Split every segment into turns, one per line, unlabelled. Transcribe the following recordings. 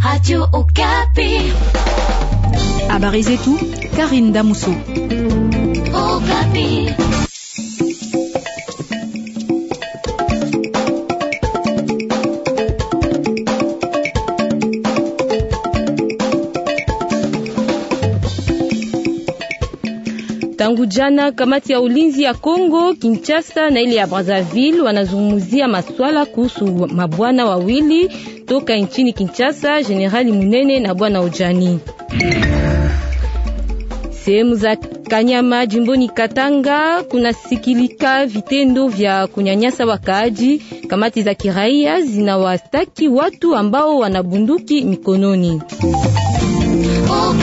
Radio Okapi. Habari zetu Karinda Muso. Okapi. Tangu jana kamati ya ulinzi ya Kongo Kinshasa na ile ya Brazzaville wanazungumzia maswala kuhusu mabwana wawili toka nchini Kinshasa, Generali Munene na bwana Ojani. Sehemu za Kanyama jimboni Katanga kunasikilika vitendo vya kunyanyasa wakaaji. Kamati za kiraia zinawastaki watu ambao wanabunduki mikononi. Oh,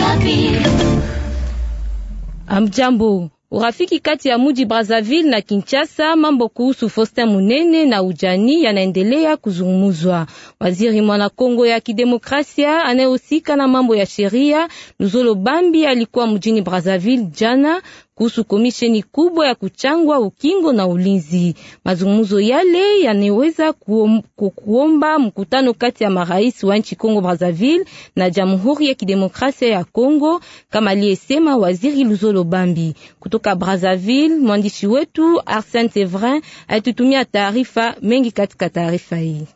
Amjambo, urafiki kati ya muji Brazzaville na Kinshasa, mambo kuhusu Faustin Munene na ujani yanaendelea kuzungumuzwa. Waziri mwana Kongo ya Kidemokrasia anayehusika na mambo ya sheria Luzolo Bambi alikuwa mjini Brazzaville jana kuhusu komisheni kubwa ya kuchangwa ukingo na ulinzi. Mazungumzo yale yanaweza kuomba mkutano kati ya marais wa nchi Kongo Brazzaville na Jamhuri ya Kidemokrasia ya Kongo, kama aliyesema waziri Luzolo Bambi kutoka Brazzaville. Mwandishi wetu Arsène Sevrin alitutumia taarifa mengi katika taarifa hii.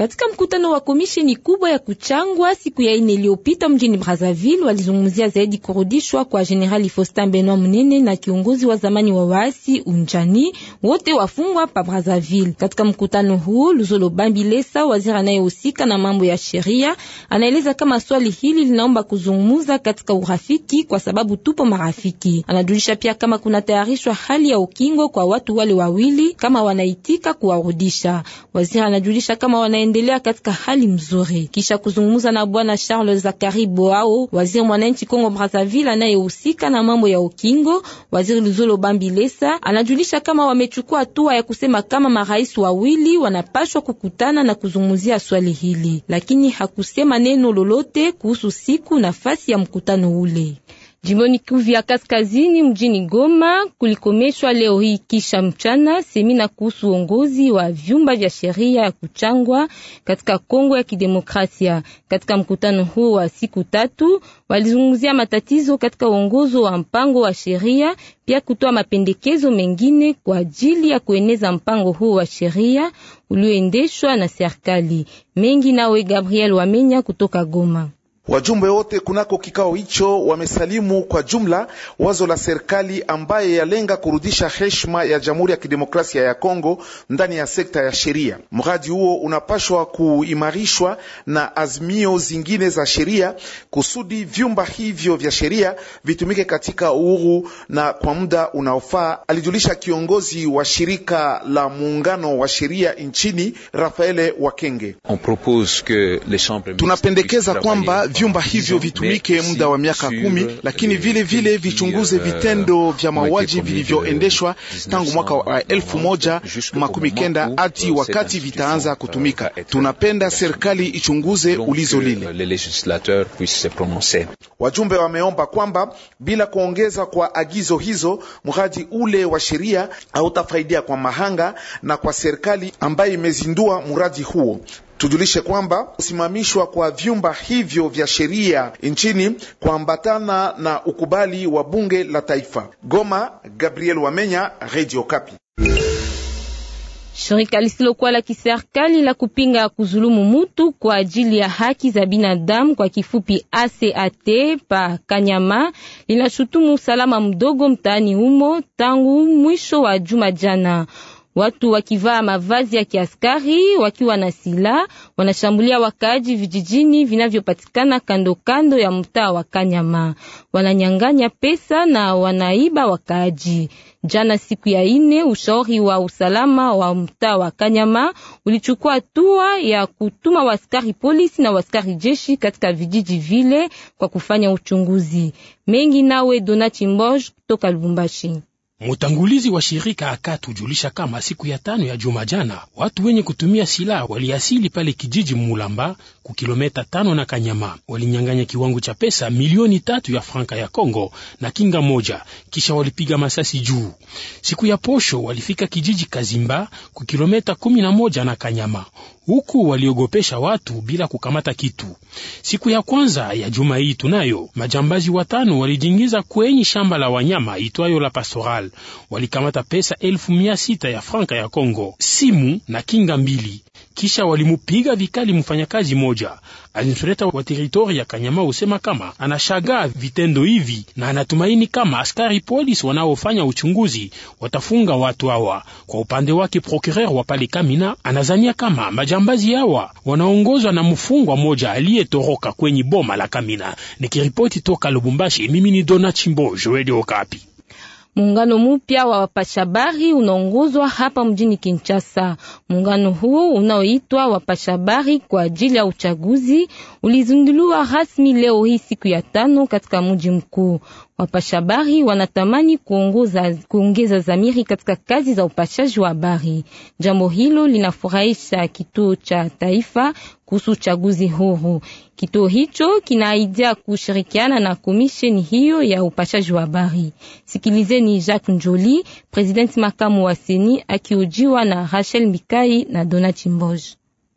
Katika mkutano wa komisheni kubwa ya kuchangwa siku ya ine iliyopita mjini Brazzaville, walizungumzia zaidi kurudishwa kwa Generali Faustin Benoit Munene na kiongozi wa zamani wa waasi Unjani, wote wafungwa pa Brazzaville. Katika mkutano huo, Luzolo Bambi Lesa, waziri anayehusika na mambo ya sheria, anaeleza kama swali hili linaomba kuzungumza katika urafiki, kwa sababu tupo marafiki. Anajulisha pia kama kunatayarishwa hali ya ukingo kwa watu wale wawili, kama wanaitika kuwarudisha. Waziri anajulisha kama wana inaendelea katika hali mzuri. Kisha kuzungumza na Bwana Charles Zakari Boao, waziri mwananchi Kongo Brazzaville anayehusika na mambo ya ukingo, waziri Luzolo Bambilesa anajulisha kama wamechukua hatua ya kusema kama marais wawili wanapashwa kukutana na kuzungumzia swali hili, lakini hakusema neno lolote kuhusu siku nafasi ya mkutano ule. Jimboni Kivu ya Kaskazini mjini Goma kulikomeshwa leo hii kisha mchana semina kuhusu uongozi wa vyumba vya sheria ya kuchangwa katika Kongo ya Kidemokrasia. Katika mkutano huo wa siku tatu walizungumzia matatizo katika uongozo wa mpango wa sheria, pia kutoa mapendekezo mengine kwa ajili ya kueneza mpango huo wa sheria ulioendeshwa na serikali. Mengi nawe Gabriel Wamenya kutoka Goma.
Wajumbe wote kunako kikao hicho wamesalimu kwa jumla wazo la serikali ambaye yalenga kurudisha heshima ya Jamhuri ya Kidemokrasia ya Kongo ndani ya sekta ya sheria. Mradi huo unapashwa kuimarishwa na azimio zingine za sheria kusudi vyumba hivyo vya sheria vitumike katika uhuru na kwa muda unaofaa, alijulisha kiongozi wa shirika la muungano wa sheria nchini Rafaele Wakenge. Tunapendekeza kwamba vyumba hivyo vitumike muda wa miaka kumi, lakini vile vile vichunguze euh, vitendo vya mauaji vilivyoendeshwa tangu mwaka wa elfu moja makumi kenda hadi wakati vitaanza kutumika. Tunapenda serikali ichunguze ulizo euh, lile. Wajumbe wameomba kwamba bila kuongeza kwa agizo hizo, mradi ule wa sheria hautafaidia kwa mahanga na kwa serikali ambayo imezindua mradi huo. Tujulishe kwamba kusimamishwa kwa vyumba hivyo vya sheria nchini kuambatana na ukubali wa bunge la taifa. Goma, Gabriel Wamenya, Radio Kapi.
Shirika lisilokuwa la kiserikali la kupinga kuzulumu mutu kwa ajili ya haki za binadamu kwa kifupi ACAT pa Kanyama linashutumu usalama mdogo mtaani humo tangu mwisho wa juma jana. Watu wakivaa mavazi ya kiaskari wakiwa na silaha wanashambulia wakaaji vijijini vinavyopatikana kando kando ya mtaa wa Kanyama, wananyang'anya pesa na wanaiba wakaaji. Jana siku ya ine, ushauri wa usalama wa mtaa wa Kanyama ulichukua hatua ya kutuma waskari polisi na waskari jeshi katika vijiji vile kwa kufanya uchunguzi mengi. Nawe Donati Mboj kutoka Lubumbashi.
Mutangulizi wa shirika akatujulisha kama siku ya tano ya juma jana watu wenye kutumia silaha waliasili pale kijiji Mulamba ku kilometa tano na Kanyama, walinyang'anya kiwango cha pesa milioni tatu ya franka ya congo na kinga moja, kisha walipiga masasi juu. Siku ya posho walifika kijiji Kazimba ku kilometa kumi na moja na Kanyama huku waliogopesha watu bila kukamata kitu. Siku ya kwanza ya juma hii tunayo majambazi watano walijingiza kwenye shamba la wanyama itwayo la Pastoral, walikamata pesa elfu mia sita ya franka ya Congo, simu na kinga mbili. Kisha walimupiga vikali mfanyakazi moja. alimsuleta wa teritori ya Kanyama usema kama anashagaa vitendo hivi na anatumaini kama askari polisi wanaofanya uchunguzi watafunga watu hawa. Kwa upande wake, procureur wa pale Kamina anazania kama majambazi Majambazi hawa wanaongozwa na mfungwa moja aliyetoroka kwenye boma la Kamina. Nikiripoti toka Lubumbashi, mimi ni Dona Chimbo, Joeli Okapi.
Muungano mupya wa wapashabari unaongozwa hapa mjini Kinshasa. Muungano huo unaoitwa wapashabari kwa ajili ya uchaguzi ulizunduliwa rasmi leo hii siku ya tano katika mji mkuu. Wapasha wanatamani kuongoza kuongeza zamiri katika kazi za upashaji wa habari. Jambo hilo linafurahisha kituo cha taifa kuhusu uchaguzi huru. Kituo hicho kinaidia kushirikiana na komisheni hiyo ya upashaji wa habari. Sikilizeni Jacques Njoli, presidenti makamu wa seni, akiojiwa na Rachel Mikai na Donat Mboj.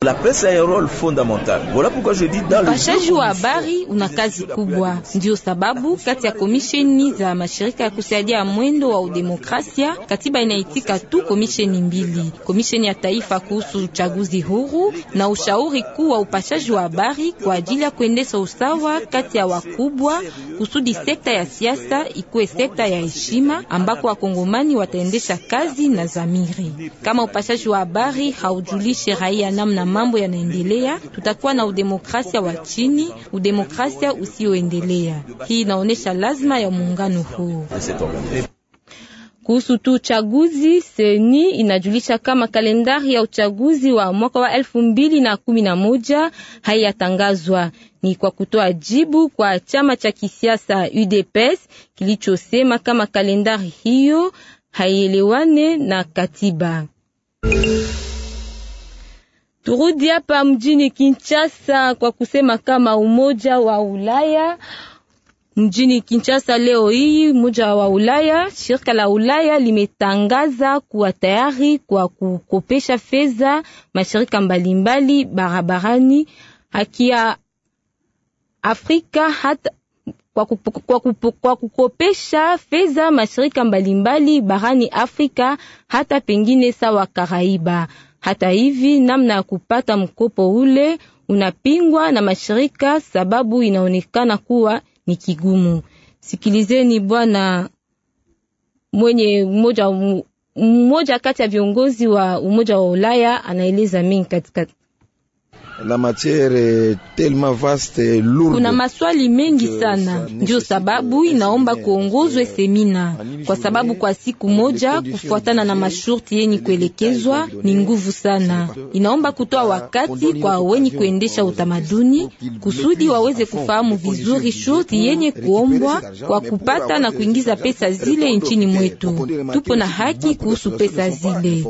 La presse a un rôle fondamental. Voilà pourquoi je dis dans le pashaji
wa habari una kazi kubwa, ndio sababu kati ya komisheni za mashirika ya kusaidia mwendo wa udemokrasia katiba inaitika tu komisheni mbili: komisheni ya taifa kuhusu uchaguzi huru na ushauri kuu wa upashaji wa habari kwa ajili ya kuendesha usawa kati ya wakubwa, kusudi sekta ya siasa ikuwe sekta ya heshima ambako wakongomani wataendesha kazi na zamiri. Kama upashaji wa habari haujulishe raia namna mambo yanaendelea, tutakuwa na udemokrasia wa chini, udemokrasia usioendelea. Hii inaonyesha lazima ya muungano huu. Kuhusu tu uchaguzi, seni inajulisha kama kalendari ya uchaguzi wa mwaka wa elfu mbili na kumi na moja haiyatangazwa. Ni kwa kutoa jibu kwa chama cha kisiasa UDPS kilichosema kama kalendari hiyo haielewane na katiba. Turudi hapa mjini Kinshasa kwa kusema kama umoja wa Ulaya mjini Kinshasa leo hii, umoja wa Ulaya, shirika la Ulaya limetangaza kuwa tayari kwa kukopesha fedha mashirika mbalimbali barabarani haki ya Afrika hata kwa, kupu, kwa, kupu, kwa kukopesha fedha mashirika mbalimbali barani Afrika hata pengine sawa Karaiba. Hata hivi, namna ya kupata mkopo ule unapingwa na mashirika, sababu inaonekana kuwa ni kigumu. Sikilizeni bwana mwenye mmoja mmoja kati ya viongozi wa Umoja wa Ulaya anaeleza mingi katika
la matière tellement vaste lourde. Kuna
maswali mengi sana, ndio sababu inaomba kuongozwe semina, kwa sababu kwa siku moja kufuatana na masharti yenye kuelekezwa ni nguvu sana. Inaomba kutoa wakati kwa wenye kuendesha utamaduni kusudi waweze kufahamu vizuri shurti yenye kuombwa kwa kupata na kuingiza pesa zile nchini mwetu. Tupo na haki kuhusu pesa zile,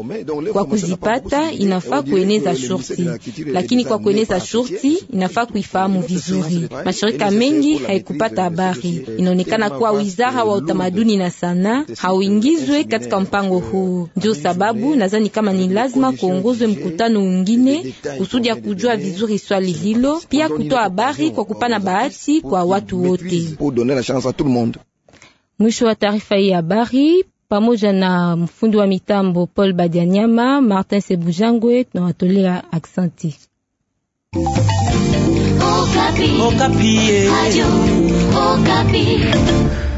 kwa kuzipata inafaa kueneza shurti, lakini kwa kueneza shurti inafaa kuifahamu vizuri. Mashirika mengi haikupata habari. Inaonekana kuwa wizara wa utamaduni na sanaa hauingizwe katika mpango huu. Ndio sababu nadhani kama ni lazima kuongozwe mkutano mwingine kusudi ya kujua vizuri swali hilo, pia kutoa habari kwa kupana bahati kwa watu wote. Mwisho wa taarifa hii habari pamoja na mfundi wa mitambo Paul Badianyama, Martin Sebujangwe tunawatolea aksanti. Okapi. Oh, Okapi. Oh, eh.